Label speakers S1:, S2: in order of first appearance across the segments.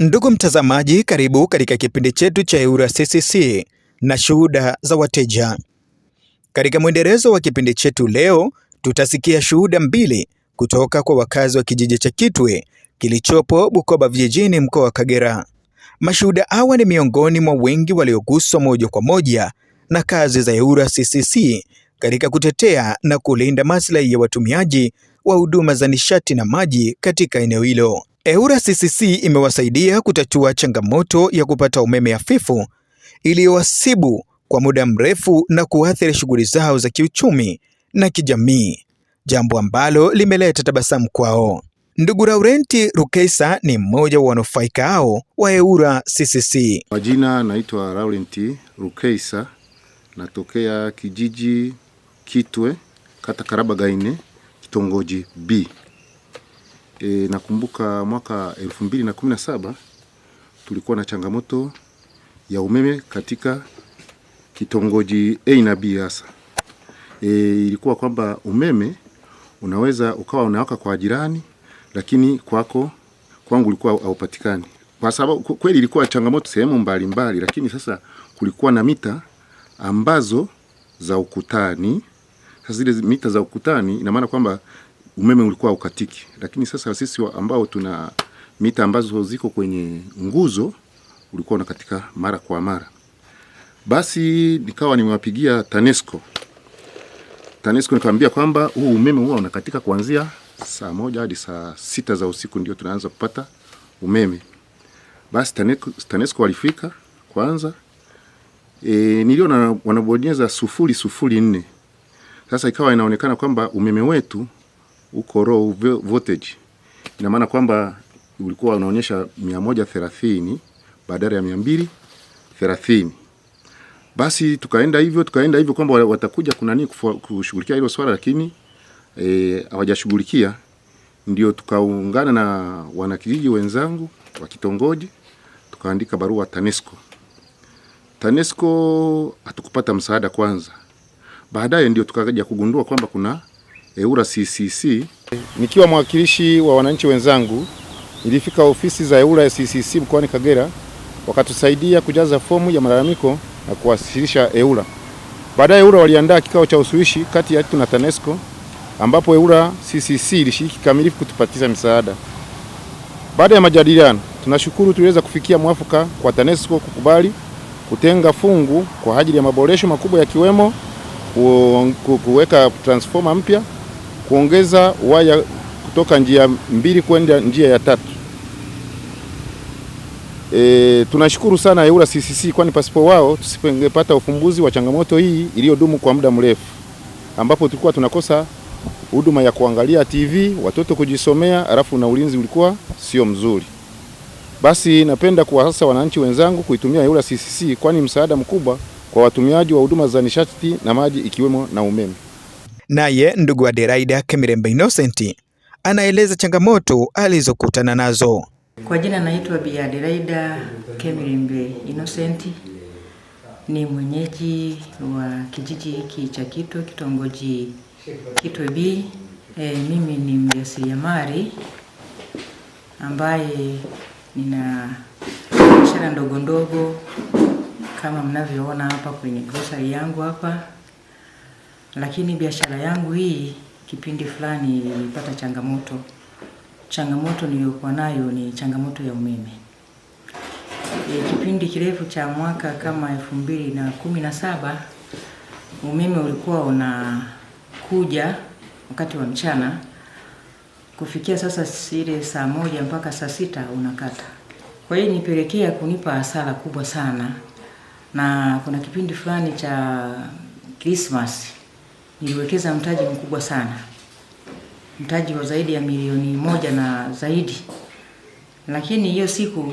S1: Ndugu mtazamaji, karibu katika kipindi chetu cha EWURA CCC na shuhuda za wateja. Katika mwendelezo wa kipindi chetu leo, tutasikia shuhuda mbili kutoka kwa wakazi wa kijiji cha Kitwe kilichopo Bukoba vijijini, mkoa wa Kagera. Mashuhuda hawa ni miongoni mwa wengi walioguswa moja kwa moja na kazi za EWURA CCC katika kutetea na kulinda maslahi ya watumiaji wa huduma za nishati na maji katika eneo hilo. EWURA CCC imewasaidia kutatua changamoto ya kupata umeme hafifu iliyowasibu kwa muda mrefu na kuathiri shughuli zao za kiuchumi na kijamii, jambo ambalo limeleta tabasamu kwao. Ndugu Laurenti Rukeisa ni mmoja wa wanufaika hao wa EWURA CCC.
S2: Majina naitwa Laurenti Rukeisa, natokea kijiji Kitwe, kata Karabagaine, kitongoji B e, nakumbuka mwaka 2017 tulikuwa na changamoto ya umeme katika kitongoji A na B hasa. E, ilikuwa kwamba umeme unaweza ukawa unawaka kwa jirani lakini kwako kwangu ulikuwa haupatikani. Kwa sababu kweli ilikuwa changamoto sehemu mbalimbali, lakini sasa kulikuwa na mita ambazo za ukutani. Sasa zile mita za ukutani ina maana kwamba umeme ulikuwa ukatiki, lakini sasa sisi ambao tuna mita ambazo ziko kwenye nguzo ulikuwa unakatika mara kwa mara. Basi nikawa nimewapigia TANESCO. TANESCO nikamwambia kwamba huu umeme huwa unakatika kuanzia saa moja hadi saa sita za usiku ndio tunaanza kupata umeme. Basi TANESCO walifika kwanza, e, niliona wanabonyeza sufuri sufuri nne. Sasa ikawa inaonekana kwamba umeme wetu huko raw voltage, ina maana kwamba ulikuwa unaonyesha 130 badala ya 230. Basi tukaenda hivyo tukaenda hivyo kwamba watakuja kuna nini kushughulikia hilo swala, lakini e, hawajashughulikia. E, ndio tukaungana na wanakijiji wenzangu wa kitongoji tukaandika barua TANESCO. TANESCO hatukupata msaada kwanza, baadaye ndio tukaja kugundua kwamba kuna EWURA CCC. Nikiwa mwakilishi wa wananchi wenzangu, nilifika ofisi za EWURA CCC mkoani Kagera, wakatusaidia kujaza fomu ya malalamiko na kuwasilisha EWURA. Baadaye EWURA waliandaa kikao cha usuluhishi kati ya yetu na TANESCO ambapo EWURA CCC ilishiriki kikamilifu kutupatia msaada. Baada ya majadiliano, tunashukuru tuliweza kufikia mwafaka kwa TANESCO kukubali kutenga fungu kwa ajili ya maboresho makubwa yakiwemo kuweka transformer mpya kuongeza waya kutoka njia mbili kwenda njia ya tatu. E, tunashukuru sana EWURA CCC kwani pasipo wao tusipengepata ufumbuzi wa changamoto hii iliyodumu kwa muda mrefu, ambapo tulikuwa tunakosa huduma ya kuangalia TV, watoto kujisomea, alafu na ulinzi ulikuwa sio mzuri. Basi napenda kuwasasa wananchi wenzangu kuitumia EWURA CCC kwani msaada mkubwa kwa watumiaji wa huduma za nishati na maji ikiwemo na umeme.
S1: Naye ndugu wa Deraida Kemirembe Innocent anaeleza changamoto alizokutana nazo.
S3: Kwa jina naitwa Bi Deraida Kemirembe Innocent, ni mwenyeji wa kijiji hiki cha Kitwe, kitongoji Kitwe B. E, mimi ni mjasiriamali ambaye nina biashara ndogo ndogo kama mnavyoona hapa kwenye grocery yangu hapa lakini biashara yangu hii kipindi fulani nilipata changamoto. Changamoto niliyokuwa nayo ni changamoto ya umeme. E, kipindi kirefu cha mwaka kama elfu mbili na kumi na saba umeme ulikuwa unakuja wakati wa mchana kufikia sasa ile saa moja mpaka saa sita unakata. Kwa hiyo nipelekea kunipa hasara kubwa sana, na kuna kipindi fulani cha Krismasi niliwekeza mtaji mkubwa sana, mtaji wa zaidi ya milioni moja na zaidi, lakini hiyo siku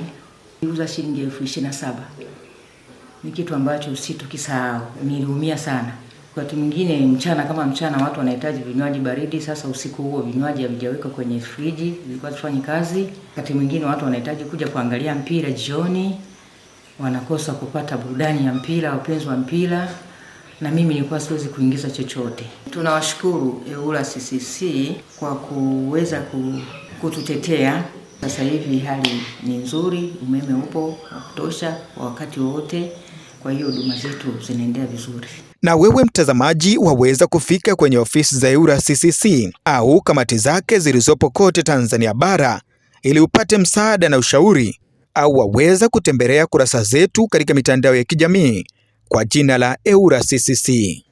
S3: niliuza shilingi elfu ishirini na saba. Ni kitu ambacho sitokisahau, niliumia sana. Wakati mwingine mchana kama mchana, watu wanahitaji vinywaji baridi. Sasa usiku huo vinywaji havijaweka kwenye friji, vilikuwa tufanye kazi. Wakati mwingine watu wanahitaji kuja kuangalia mpira jioni, wanakosa kupata burudani ya mpira, wapenzi wa mpira na mimi nilikuwa siwezi kuingiza chochote. Tunawashukuru EWURA CCC kwa kuweza kututetea. Sasa hivi hali ni nzuri, umeme upo wa kutosha kwa wakati wowote, kwa hiyo huduma zetu zinaendelea vizuri.
S1: Na wewe mtazamaji, waweza kufika kwenye ofisi za EWURA CCC au kamati zake zilizopo kote Tanzania bara ili upate msaada na ushauri, au waweza kutembelea kurasa zetu katika mitandao ya kijamii kwa jina la EURA CCC.